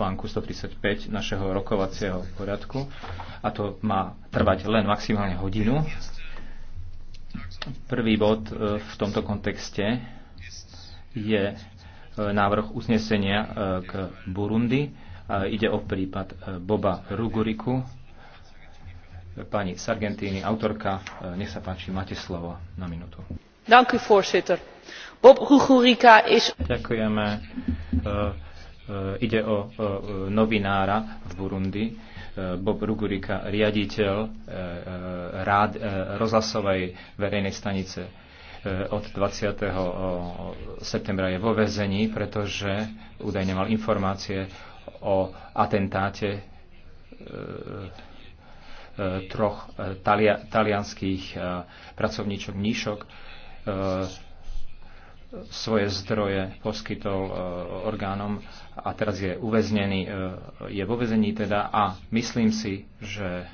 článku 135 našeho rokovacieho poriadku a to má trvať len maximálne hodinu. Prvý bod e, v tomto kontexte je e, návrh uznesenia e, k Burundi. Ide o prípad Boba Ruguriku. Pani Sargentini, autorka, nech sa páči, máte slovo na minútu. Ďakujem, Bob Ruguriku is... Ďakujeme E, ide o novinára v Burundi, e, Bob Rugurika, riaditeľ e, rád, rozhlasovej verejnej stanice od 20. septembra je vo väzení, pretože údajne mal informácie o atentáte troch talia, talianských pracovníčok Níšok svoje zdroje poskytol e, orgánom a teraz je uväznený, e, je vo väzení teda a myslím si, že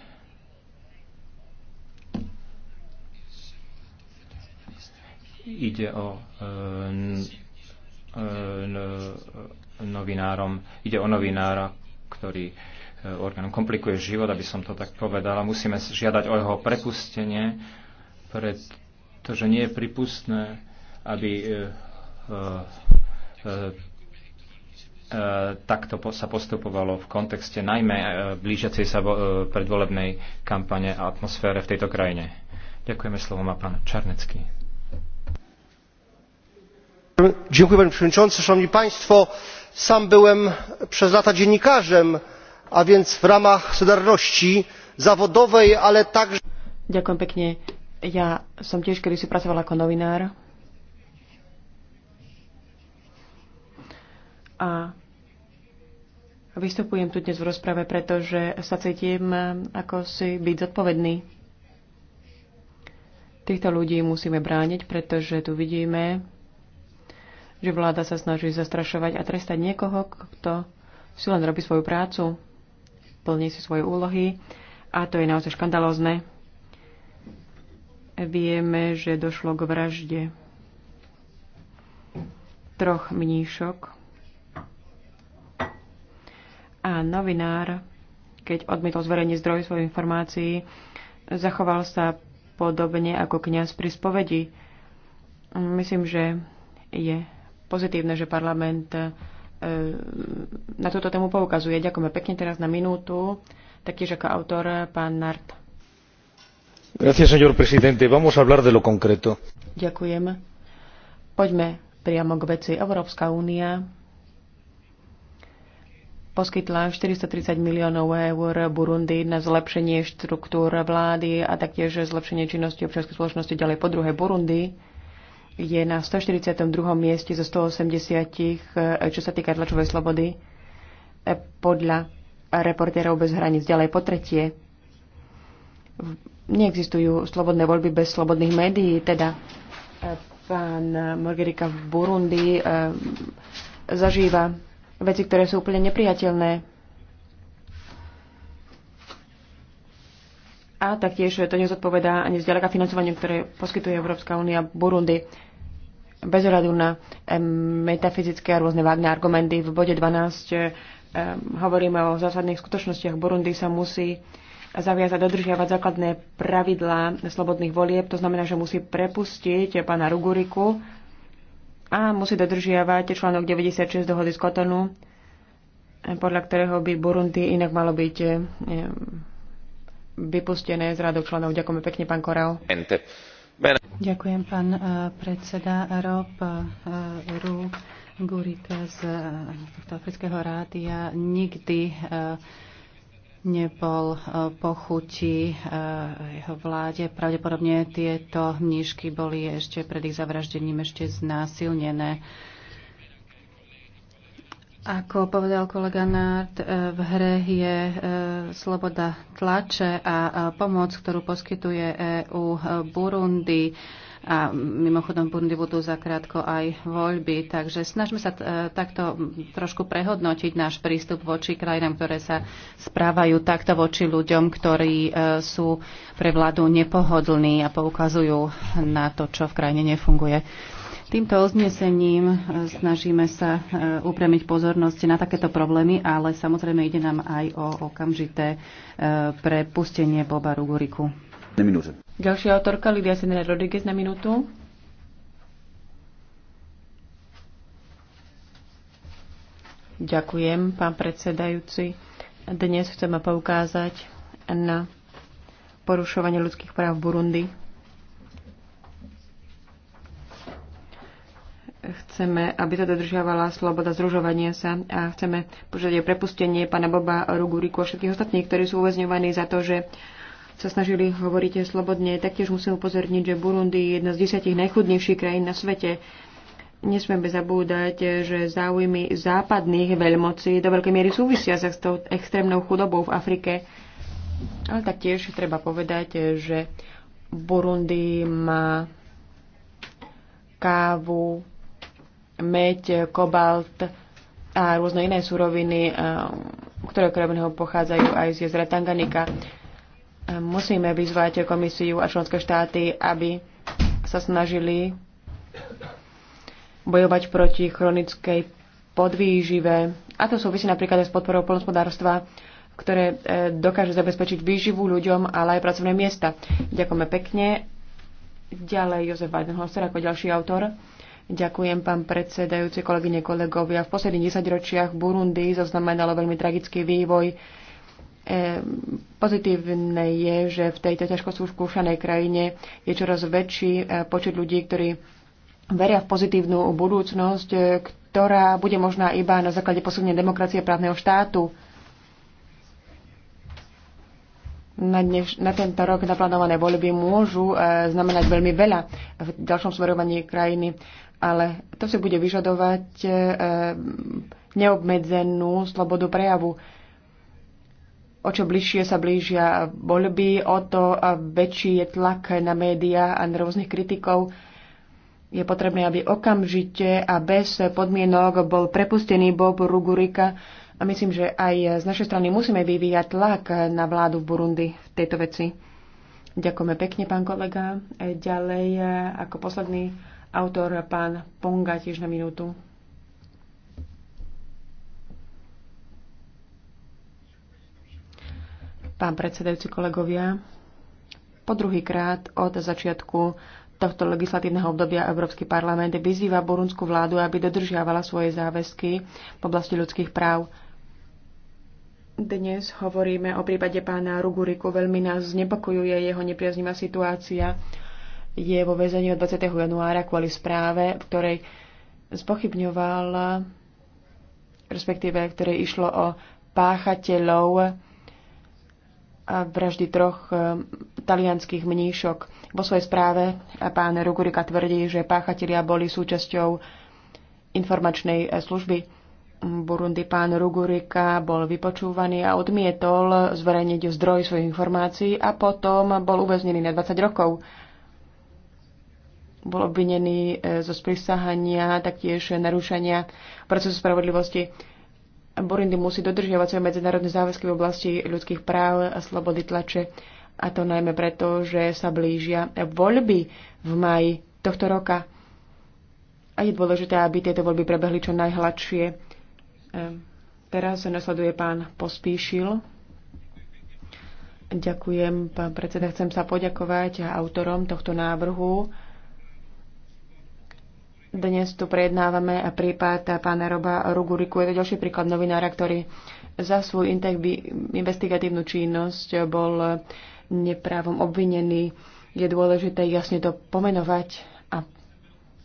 ide o e, novinárom, ide o novinára, ktorý orgánom komplikuje život, aby som to tak povedala. Musíme žiadať o jeho prepustenie, pretože nie je pripustné, aby e, e, e, takto sa postupovalo v kontexte najmä blížiacej sa predvolebnej kampane a atmosfére v tejto krajine. Ďakujeme slovo má pán Čarnecký. Dziękuję panie przewodniczący, szanowni państwo. Sam byłem przez lata dziennikarzem, a więc w ramach solidarności zawodowej, ale także... Dziękuję pięknie. Ja sam też kiedyś si jako ako A vystupujem tu dnes v rozprave, pretože sa cítim ako si byť zodpovedný. Týchto ľudí musíme brániť, pretože tu vidíme, že vláda sa snaží zastrašovať a trestať niekoho, kto si len robí svoju prácu, plní si svoje úlohy a to je naozaj škandalózne. Vieme, že došlo k vražde troch mníšok a novinár, keď odmietol zverejniť zdroj svojich informácií, zachoval sa podobne ako kňaz pri spovedi. Myslím, že je pozitívne, že parlament e, na túto tému poukazuje. Ďakujeme pekne teraz na minútu. Taktiež ako autor, pán Nart. Gracias, señor presidente. Vamos a hablar de lo concreto. Ďakujem. Poďme priamo k veci. Európska únia poskytla 430 miliónov eur Burundi na zlepšenie štruktúr vlády a taktiež zlepšenie činnosti občianskej spoločnosti ďalej. Po druhé, Burundi je na 142. mieste zo 180, čo sa týka tlačovej slobody, podľa reportérov bez hraníc. Ďalej, po tretie, neexistujú slobodné voľby bez slobodných médií, teda eh, pán Morgerika v Burundi eh, zažíva veci, ktoré sú úplne nepriateľné. A taktiež to nezodpovedá ani zďaleka financovaniu, ktoré poskytuje Európska únia Burundi. Bez hľadu na metafyzické a rôzne vágne argumenty v bode 12 hovoríme o zásadných skutočnostiach. Burundi sa musí zaviazať dodržiavať základné pravidlá slobodných volieb. To znamená, že musí prepustiť pána Ruguriku, a musí dodržiavať článok 96 dohody z Kotonu, podľa ktorého by Burundi inak malo byť eh, vypustené z rádov členov. Ďakujeme pekne, pán Korel. Ďakujem, pán eh, predseda Rob eh, Ru Gurika z Afrického rádia. Nikdy nebol eh, pochutí eh, jeho vláde. Pravdepodobne tieto mnížky boli ešte pred ich zavraždením ešte znásilnené. Ako povedal kolega Nárd, eh, v hre je sloboda tlače a pomoc, ktorú poskytuje EU Burundi a mimochodom v Burundi budú zakrátko aj voľby, takže snažme sa e, takto trošku prehodnotiť náš prístup voči krajinám, ktoré sa správajú takto voči ľuďom, ktorí e, sú pre vládu nepohodlní a poukazujú na to, čo v krajine nefunguje. Týmto oznesením e, snažíme sa upremiť pozornosť na takéto problémy, ale samozrejme ide nám aj o okamžité prepustenie Boba Ruguriku. Na minúte. Ďalšia autorka, Lidia Senra Rodriguez na minútu. Ďakujem, pán predsedajúci. Dnes chceme poukázať na porušovanie ľudských práv v Burundi. Chceme, aby sa dodržiavala sloboda zružovania sa a chceme požiadať prepustenie pána Boba Ruguriku a všetkých ostatných, ktorí sú uväzňovaní za to, že uh, sa snažili hovoriť slobodne. Taktiež musím upozorniť, že Burundi je jedna z desiatich najchudnejších krajín na svete. Nesmieme zabúdať, že záujmy západných veľmocí do veľkej miery súvisia sa s tou extrémnou chudobou v Afrike. Ale taktiež treba povedať, že Burundi má kávu, meď, kobalt a rôzne iné suroviny, ktoré okrem neho pochádzajú aj z jezera Tanganika. Musíme vyzvať komisiu a členské štáty, aby sa snažili bojovať proti chronickej podvýžive. A to súvisí napríklad aj s podporou polnospodárstva, ktoré e, dokáže zabezpečiť výživu ľuďom, ale aj pracovné miesta. Ďakujeme pekne. Ďalej Jozef Weidenholzer ako ďalší autor. Ďakujem, pán predsedajúci, kolegyne, kolegovia. V posledných desaťročiach Burundi zaznamenalo veľmi tragický vývoj Pozitívne je, že v tejto ťažko skúšanej krajine je čoraz väčší e, počet ľudí, ktorí veria v pozitívnu budúcnosť, e, ktorá bude možná iba na základe posilnenia demokracie právneho štátu. Na, dneš, na tento rok naplánované voľby môžu e, znamenať veľmi veľa v ďalšom smerovaní krajiny, ale to si bude vyžadovať e, e neobmedzenú slobodu prejavu. E, O čo bližšie sa blížia voľby, o to väčší je tlak na médiá a na rôznych kritikov. Je potrebné, aby okamžite a bez podmienok bol prepustený Bob Rugurika. A myslím, že aj z našej strany musíme vyvíjať tlak na vládu v Burundi v tejto veci. Ďakujeme pekne, pán kolega. Ďalej, ako posledný autor, pán Ponga, tiež na minútu. Pán predsedajúci kolegovia, po druhý krát od začiatku tohto legislatívneho obdobia Európsky parlament vyzýva burundskú vládu, aby dodržiavala svoje záväzky v oblasti ľudských práv. Dnes hovoríme o prípade pána Ruguriku. Veľmi nás znepokojuje jeho nepriaznivá situácia. Je vo väzení od 20. januára kvôli správe, v ktorej zpochybňovala, respektíve v ktorej išlo o páchateľov vraždy troch e, talianských mníšok. Vo svojej správe pán Rugurika tvrdí, že páchatelia boli súčasťou informačnej e, služby. Burundi pán Rugurika bol vypočúvaný a odmietol zverejniť zdroj svojich informácií a potom bol uväznený na 20 rokov. Bol obvinený e, zo sprisahania, taktiež narušenia procesu spravodlivosti Burundi musí dodržiavať svoje medzinárodné záväzky v oblasti ľudských práv a slobody tlače. A to najmä preto, že sa blížia voľby v maji tohto roka. A je dôležité, aby tieto voľby prebehli čo najhladšie. Ehm, teraz sa nasleduje pán Pospíšil. Ďakujem, pán predseda. Chcem sa poďakovať autorom tohto návrhu. Dnes tu prejednávame prípad pána Roba Ruguriku. Je to ďalší príklad novinára, ktorý za svoju investigatívnu činnosť bol neprávom obvinený. Je dôležité jasne to pomenovať a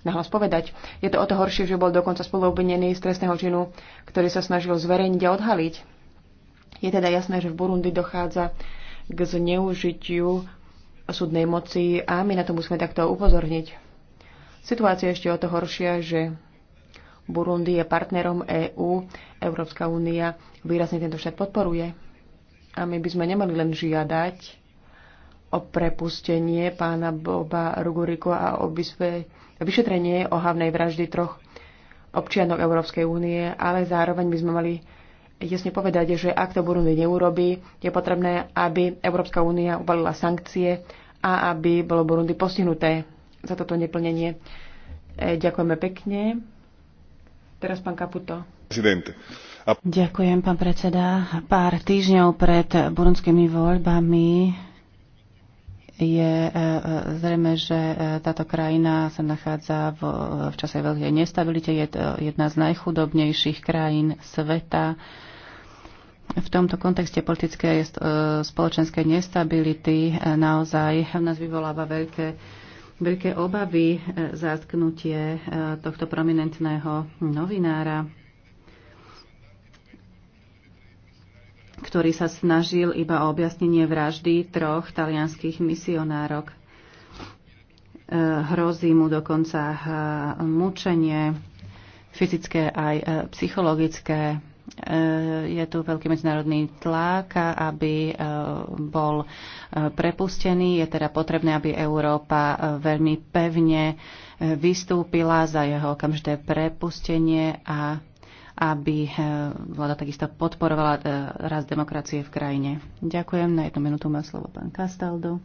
nahlas povedať. Je to o to horšie, že bol dokonca spoluobvinený z trestného činu, ktorý sa snažil zverejniť a odhaliť. Je teda jasné, že v Burundi dochádza k zneužitiu súdnej moci a my na to musíme takto upozorniť Situácia je ešte o to horšia, že Burundi je partnerom EÚ, Európska únia výrazne tento štát podporuje. A my by sme nemali len žiadať o prepustenie pána Boba Ruguriko a o vyšetrenie o hlavnej vraždy troch občianov Európskej únie, ale zároveň by sme mali jasne povedať, že ak to Burundi neurobí, je potrebné, aby Európska únia uvalila sankcie a aby bolo Burundi postihnuté za toto neplnenie. E, ďakujeme pekne. Teraz pán Kaputo. A... Ďakujem, pán predseda. Pár týždňov pred burundskými voľbami je e, e, zrejme, že táto krajina sa nachádza v, v čase veľkej nestabilite. Je to jedna z najchudobnejších krajín sveta. V tomto kontexte politickej spoločenskej nestability naozaj v nás vyvoláva veľké veľké obavy e, zatknutie e, tohto prominentného novinára, ktorý sa snažil iba o objasnenie vraždy troch talianských misionárok. E, hrozí mu dokonca mučenie, fyzické aj psychologické E, je tu veľký medzinárodný tlak, aby e, bol e, prepustený. Je teda potrebné, aby Európa veľmi pevne vystúpila za jeho okamžité prepustenie a aby vláda takisto podporovala rast demokracie v krajine. Ďakujem. Na jednu minútu má slovo pán Castaldo.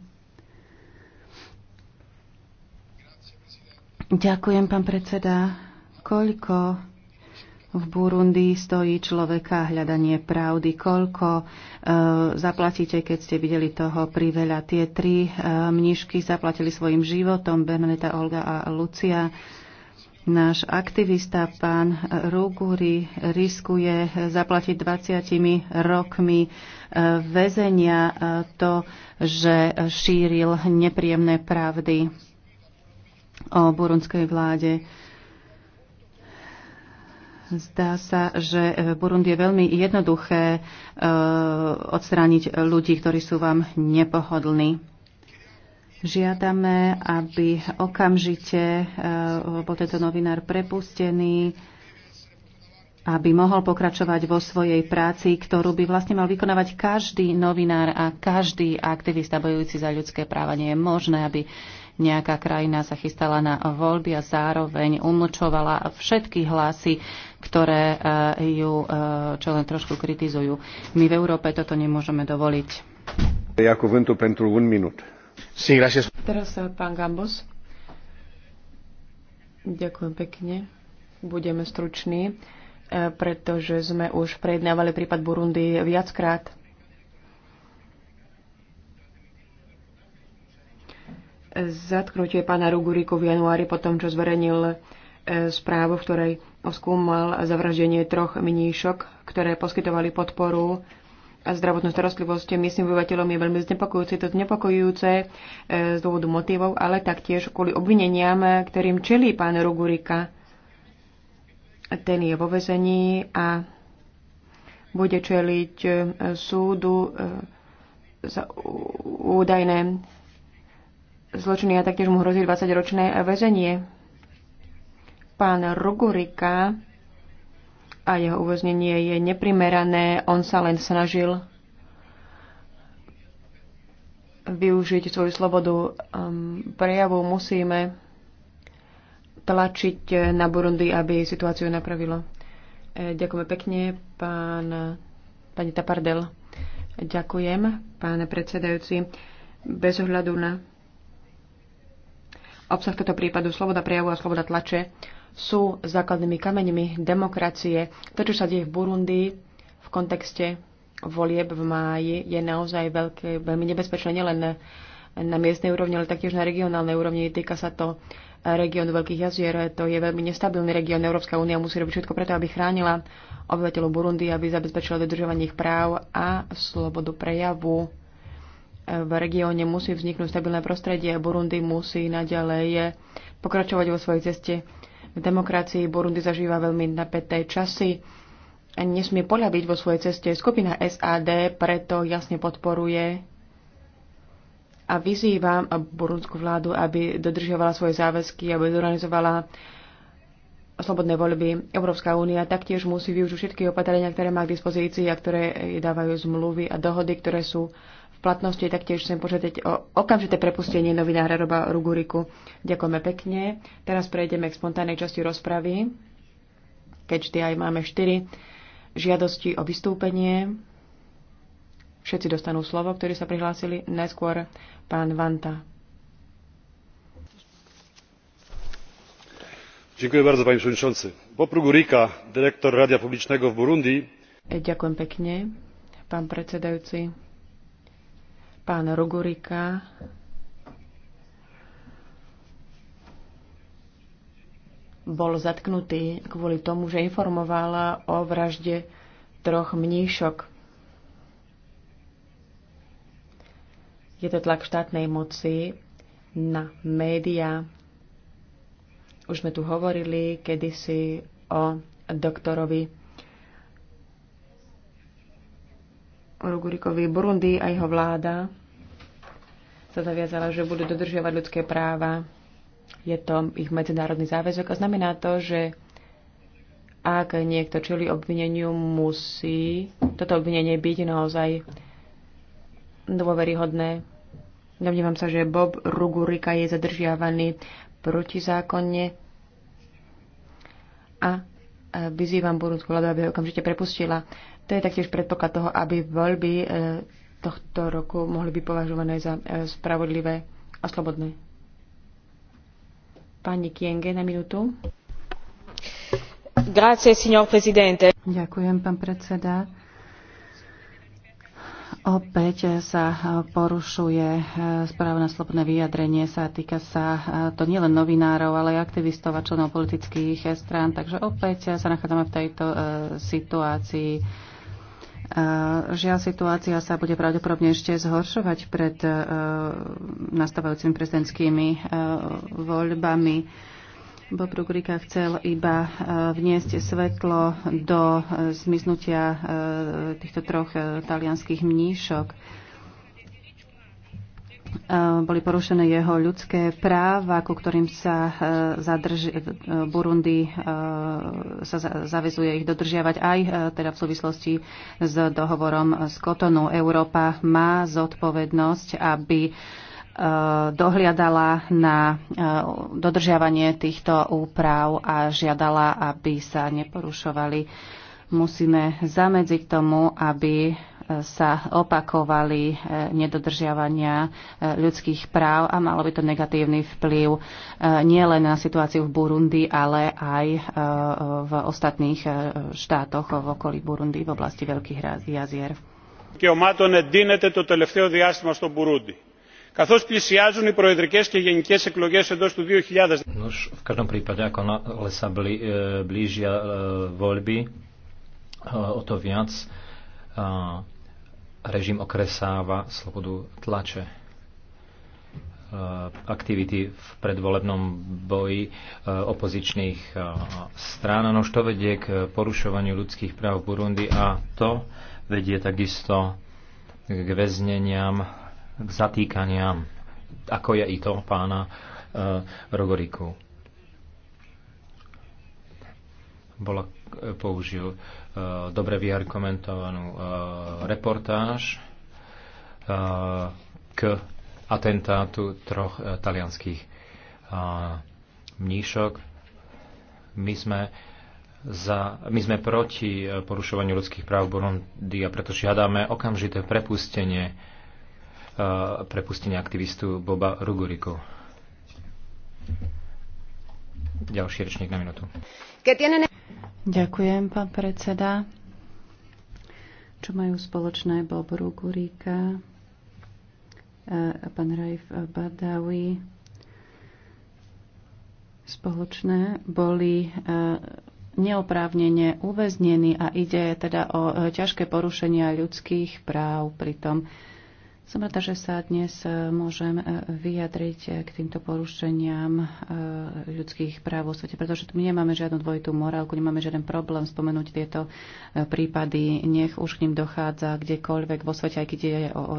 Ďakujem, pán predseda. Koľko v Burundi stojí človeka hľadanie pravdy. Koľko e, zaplatíte, keď ste videli toho priveľa? Tie tri e, mnížky zaplatili svojim životom, Bernadeta, Olga a Lucia. Náš aktivista, pán Ruguri, riskuje zaplatiť 20 rokmi e, väzenia e, to, že šíril nepríjemné pravdy o burundskej vláde. Zdá sa, že v e, Burundi je veľmi jednoduché e, odstrániť ľudí, ktorí sú vám nepohodlní. Žiadame, aby okamžite e, bol tento novinár prepustený, aby mohol pokračovať vo svojej práci, ktorú by vlastne mal vykonávať každý novinár a každý aktivista bojujúci za ľudské práva. Nie je možné, aby nejaká krajina sa chystala na voľby a zároveň umlčovala všetky hlasy, ktoré e, ju e, čo len trošku kritizujú. My v Európe toto nemôžeme dovoliť. Teraz sa e, Teraz pán Gambos. Ďakujem pekne. Budeme struční, pretože sme už prejednávali prípad Burundi viackrát. zatknutie pána Ruguriku v januári po tom, čo zverejnil e, správu, v ktorej oskúmal zavraždenie troch mníšok, ktoré poskytovali podporu a zdravotnú starostlivosť miestnym obyvateľom je veľmi znepokojúce. To znepokojujúce e, z dôvodu motivov, ale taktiež kvôli obvineniam, ktorým čelí pán Rugurika. Ten je vo vezení a bude čeliť e, súdu za údajné zločiny a taktiež mu hrozí 20-ročné väzenie. Pán Rugurika a jeho uväznenie je neprimerané. On sa len snažil využiť svoju slobodu um, prejavu. Musíme tlačiť na Burundi, aby situáciu napravilo. E, ďakujeme pekne, pán, pani Tapardel. Ďakujem, pán predsedajúci. Bez ohľadu na Obsah tohto prípadu, sloboda prejavu a sloboda tlače sú základnými kameňmi demokracie. To, čo sa deje v Burundi v kontexte volieb v máji, je naozaj veľké, veľmi nebezpečné nielen na miestnej úrovni, ale taktiež na regionálnej úrovni. Týka sa to regiónu Veľkých jazier. To je veľmi nestabilný región. Európska únia musí robiť všetko preto, aby chránila obyvateľov Burundi, aby zabezpečila dodržovanie ich práv a slobodu prejavu v regióne musí vzniknúť stabilné prostredie a Burundi musí naďalej pokračovať vo svojej ceste v demokracii. Burundi zažíva veľmi napäté časy a nesmie poľaviť vo svojej ceste. Skupina SAD preto jasne podporuje a vyzýva burundskú vládu, aby dodržiavala svoje záväzky, aby zorganizovala slobodné voľby. Európska únia taktiež musí využiť všetky opatrenia, ktoré má k dispozícii a ktoré dávajú zmluvy a dohody, ktoré sú v platnosti. Taktiež chcem požiadať o okamžité prepustenie novinára Roba Ruguriku. Ďakujeme pekne. Teraz prejdeme k spontánnej časti rozpravy, keďže aj máme štyri žiadosti o vystúpenie. Všetci dostanú slovo, ktorí sa prihlásili. Najskôr pán Vanta. Dziękuję bardzo, panie przewodniczący. Popróg Rika, dyrektor Radia Publicznego w Burundi. Ďakujem pekne, pán predsedajúci Pán Rugurika bol zatknutý kvôli tomu, že informovala o vražde troch mníšok. Je to tlak štátnej moci na médiá. Už sme tu hovorili kedysi o doktorovi Rugurikovi Burundi a jeho vláda sa zaviazala, že budú dodržiavať ľudské práva. Je to ich medzinárodný záväzok a znamená to, že ak niekto čili obvineniu, musí toto obvinenie byť naozaj dôveryhodné. Domnívam sa, že Bob Rugurika je zadržiavaný protizákonne a vyzývam Burundskú vládu, aby ho okamžite prepustila. To je taktiež predpoklad toho, aby voľby e, tohto roku mohli byť považované za e, spravodlivé a slobodné. Pani Kienge na minútu. Grazie, signor presidente. Ďakujem, pán predseda. Opäť sa porušuje e, správa na slobodné vyjadrenie sa týka sa to nielen novinárov, ale aj aktivistov a členov politických strán. Takže opäť sa nachádzame v tejto situácii Žiaľ, situácia sa bude pravdepodobne ešte zhoršovať pred e, nastávajúcimi prezidentskými e, voľbami. Bob Rugrika chcel iba e, vniesť svetlo do zmiznutia týchto troch talianských mníšok Eh, boli porušené jeho ľudské práva, ku ktorým sa eh, zadrži, eh, Burundi sa zavezuje ich dodržiavať aj teda v súvislosti s dohovorom z Kotonu. Európa má zodpovednosť, aby dohliadala na dodržiavanie týchto úprav a žiadala, aby sa neporušovali. Musíme zamedziť tomu, aby sa opakovali e, nedodržiavania e, ľudských práv a malo by to negatívny vplyv e, nielen na situáciu v Burundi, ale aj v ostatných štátoch v okolí Burundi v oblasti Veľkých jazier. εντείνεται το τελευταίο διάστημα στο Μπουρούντι. πλησιάζουν οι και του 2000... Nož, v každom prípade, ako na lesa bli, blížia voľby, o to viac režim okresáva slobodu tlače e, aktivity v predvolebnom boji e, opozičných e, strán. No to vedie k porušovaniu ľudských práv v Burundi a to vedie takisto k väzneniam, k zatýkaniam, ako je i to pána Rogoriku. bola, e, použil e, dobre vyargumentovanú e, reportáž k atentátu troch talianských mníšok. My sme, za, my sme proti porušovaniu ľudských práv v Burundi a preto žiadame okamžité prepustenie, prepustenie aktivistu Boba Ruguriku. Ďalší rečník na minútu. Ďakujem, pán predseda. Čo majú spoločné Bob eh, a pán Raif Badawi? Spoločné boli eh, neoprávnene uväznení a ide teda o eh, ťažké porušenia ľudských práv. pri tom, som rada, že sa dnes e, môžem e, vyjadriť e, k týmto porušeniam ľudských práv vo svete, pretože tu my nemáme žiadnu dvojitú morálku, nemáme žiaden problém spomenúť tieto prípady. Nech už k ním dochádza kdekoľvek vo svete, aj keď je o, o,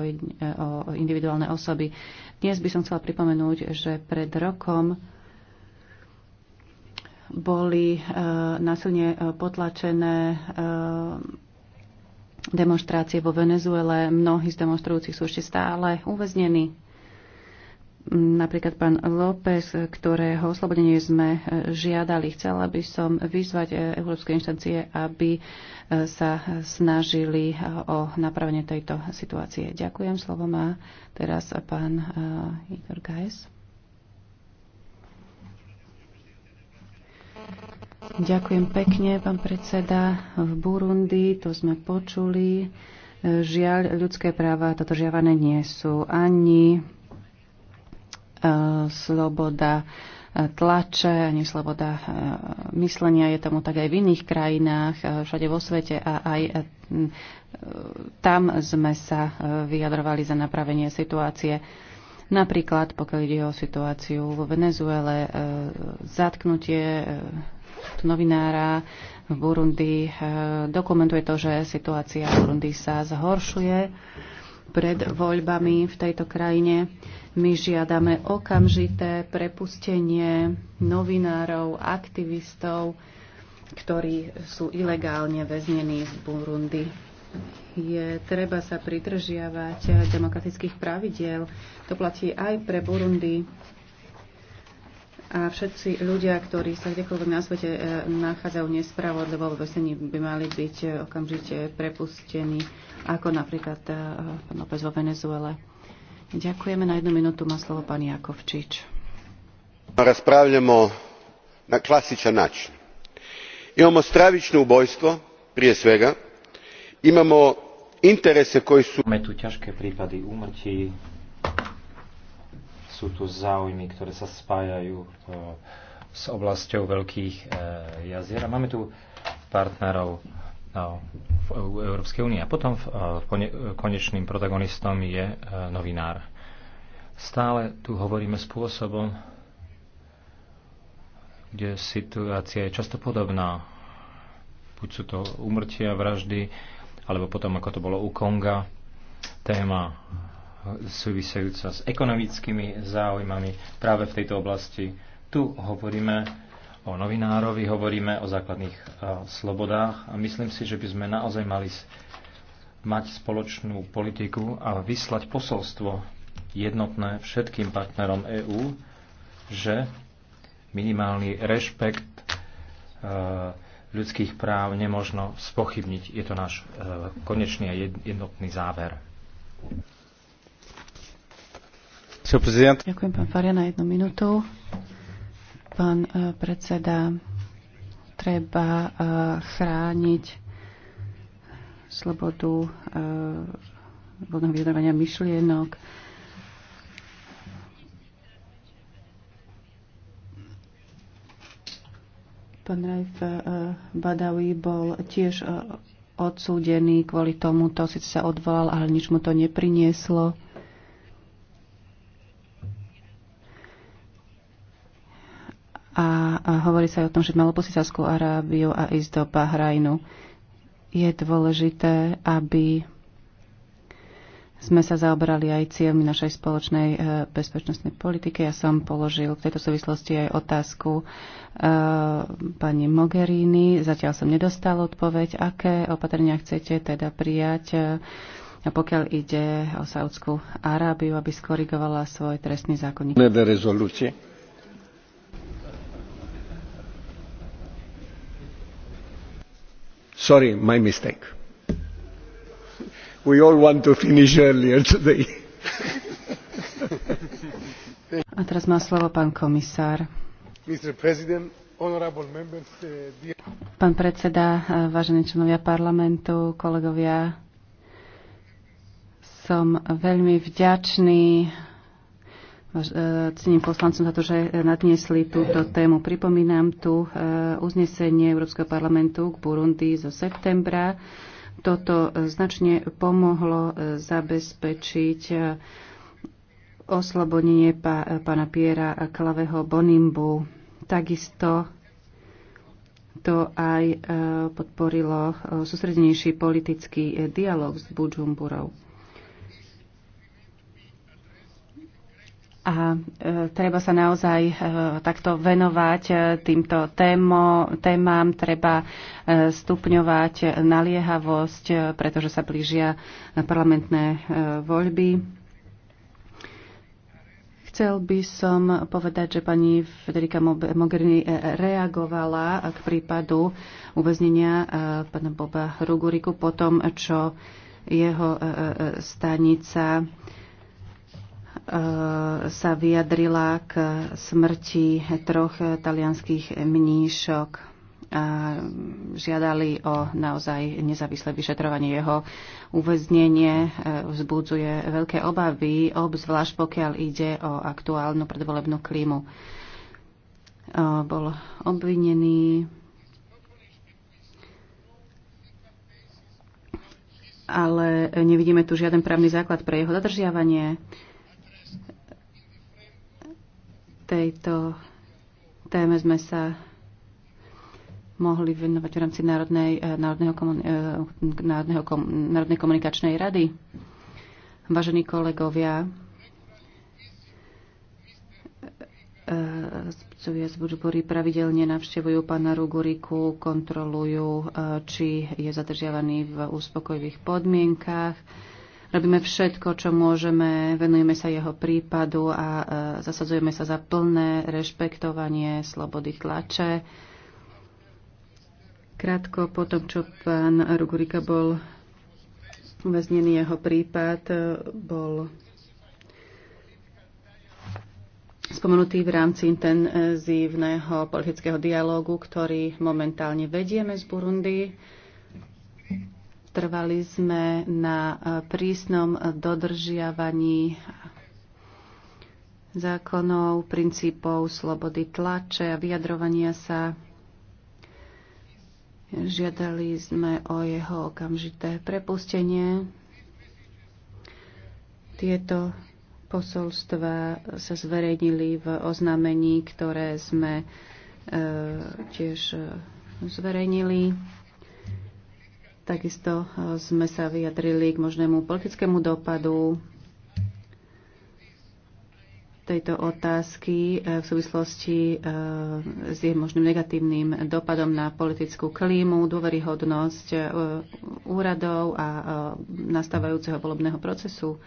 o individuálne osoby. Dnes by som chcela pripomenúť, že pred rokom boli e, násilne potlačené e, demonstrácie vo Venezuele. Mnohí z demonstrujúcich sú ešte stále uväznení. Napríklad pán López, ktorého oslobodenie sme e, žiadali. Chcela by som vyzvať e, európske inštancie, aby e, sa snažili o napravenie tejto situácie. Ďakujem. Slovo má teraz pán Igor Gajs. Ďakujem pekne, pán predseda. V Burundi, to sme počuli, žiaľ, ľudské práva toto žiavané nie sú ani eh, sloboda eh, tlače, ani sloboda eh, myslenia. Je tomu tak aj v iných krajinách, všade vo svete a aj tam sme sa vyjadrovali za napravenie situácie. Napríklad, pokiaľ ide o situáciu vo Venezuele, zatknutie novinára v Burundi eh, dokumentuje to, že situácia v Burundi sa zhoršuje pred voľbami v tejto krajine. My žiadame okamžité prepustenie novinárov, aktivistov, ktorí sú ilegálne väznení z Burundi. Je treba sa pridržiavať demokratických pravidiel. To platí aj pre Burundi. A všetci ľudia, ktorí sa kdekoľvek na svete e, nachádzajú nespravodlivo v vesení, by mali byť e, okamžite prepustení, ako napríklad e, pán López vo Venezuele. Ďakujeme. Na jednu minútu má slovo pán Jakovčič. Raspravljamo na klasičan način. Imamo stravično ubojstvo, prije svega. Imamo interese koji su... Máme tu ťažké prípady úmrtí, sú tu záujmy, ktoré sa spájajú e, s oblasťou veľkých e, jazier. A máme tu partnerov no, v e Európskej únie. A potom konečným protagonistom je novinár. Stále tu hovoríme spôsobom, kde situácia je často podobná. Buď sú to umrtia, vraždy, alebo potom, ako to bolo u Konga, téma súvisejúca s ekonomickými záujmami práve v tejto oblasti. Tu hovoríme o novinárovi, hovoríme o základných e, slobodách a myslím si, že by sme naozaj mali mať spoločnú politiku a vyslať posolstvo jednotné všetkým partnerom EÚ, že minimálny rešpekt e, ľudských práv nemožno spochybniť. Je to náš e, konečný a jednotný záver. Ďakujem, pán Faria, na jednu minútu. Pán eh, predseda, treba eh, chrániť slobodu eh, voľného vyjadrovania myšlienok. Pán Rajf Badawi bol tiež odsúdený kvôli tomuto, síce sa odvolal, ale nič mu to neprinieslo. a hovorí sa aj o tom, že malo posiť Arábiu a ísť do Bahrajnu. Je dôležité, aby sme sa zaoberali aj cieľmi našej spoločnej e, bezpečnostnej politiky. Ja som položil v tejto súvislosti aj otázku e, pani Mogherini. Zatiaľ som nedostal odpoveď, aké opatrenia chcete teda prijať, e, pokiaľ ide o Saudskú Arábiu, aby skorigovala svoj trestný zákonník. Sorry, my mistake. We all want to finish earlier today. A teraz má slovo pán komisár. Mr. President, eh, Pán predseda, eh, vážení členovia parlamentu, kolegovia, som veľmi vďačný E, Cením poslancom za to, že nadniesli túto tému. Pripomínam tu e, uznesenie Európskeho parlamentu k Burundi zo septembra. Toto e, značne pomohlo zabezpečiť oslobodenie pána Piera Klaveho Bonimbu. Takisto to aj podporilo sústredenejší politický dialog s Bujumburou. A e, treba sa naozaj e, takto venovať e, týmto témo, témam, treba e, stupňovať naliehavosť, e, pretože sa blížia parlamentné e, voľby chcel by som povedať, že pani Federica Mogherini e, reagovala k prípadu uväznenia e, pána Boba Ruguriku po tom, čo jeho e, stanica E, sa vyjadrila k smrti troch talianských mníšok a žiadali o naozaj nezávislé vyšetrovanie. Jeho uväznenie e, vzbudzuje veľké obavy, obzvlášť pokiaľ ide o aktuálnu predvolebnú klímu. E, bol obvinený ale nevidíme tu žiaden právny základ pre jeho zadržiavanie tejto téme sme sa mohli venovať v rámci Národnej, eh, Národného komun, eh, Národného kom, Národnej komunikačnej rady. Vážení kolegovia, Zbcovia z Budžbory pravidelne navštevujú pána Ruguriku, kontrolujú, eh, či je zadržiavaný v uspokojivých podmienkách Robíme všetko, čo môžeme, venujeme sa jeho prípadu a e, zasadzujeme sa za plné rešpektovanie slobody tlače. Krátko po tom, čo pán Rugurika bol uväznený, jeho prípad e, bol spomenutý v rámci intenzívneho politického dialógu, ktorý momentálne vedieme z Burundi Trvali sme na e, prísnom dodržiavaní zákonov, princípov slobody tlače a vyjadrovania sa. Žiadali sme o jeho okamžité prepustenie. Tieto posolstva sa zverejnili v oznámení, ktoré sme e, tiež e, zverejnili. Takisto eh, sme sa vyjadrili k možnému politickému dopadu tejto otázky eh, v súvislosti eh, s jej možným negatívnym dopadom na politickú klímu, dôveryhodnosť úradov a nastávajúceho volebného procesu.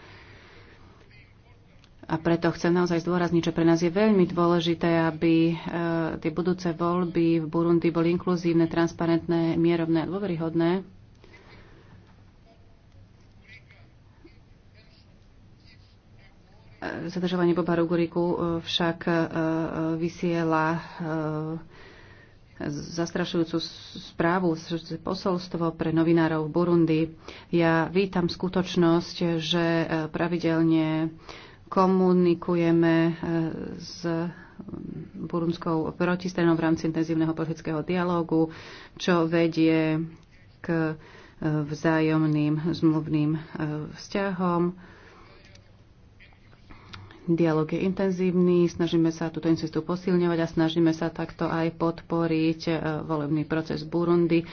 A preto chcem naozaj zdôrazniť, že pre nás je veľmi dôležité, aby tie budúce voľby v Burundi boli inkluzívne, transparentné, mierovné a dôveryhodné Zadržovanie Boba Ruguriku e, však e, e, vysiela zastrašujúcu správu, posolstvo pre novinárov v Burundi. Ja vítam skutočnosť, že pravidelne komunikujeme s burundskou protistranou v rámci intenzívneho politického dialógu, čo vedie k vzájomným zmluvným vzťahom Dialóg je intenzívny, snažíme sa túto incestu posilňovať a snažíme sa takto aj podporiť e, volebný proces Burundi, e,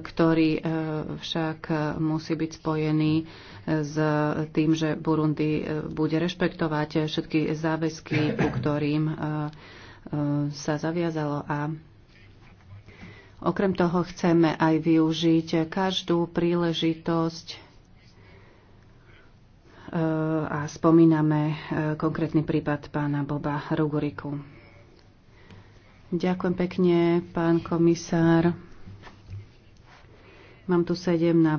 ktorý e, však musí byť spojený s tým, že Burundi bude rešpektovať všetky záväzky, ku ktorým sa zaviazalo a okrem toho chceme aj využiť každú príležitosť a spomíname e, konkrétny prípad pána Boba Ruguriku. Ďakujem pekne, pán komisár. Mám tu sedem návrhov.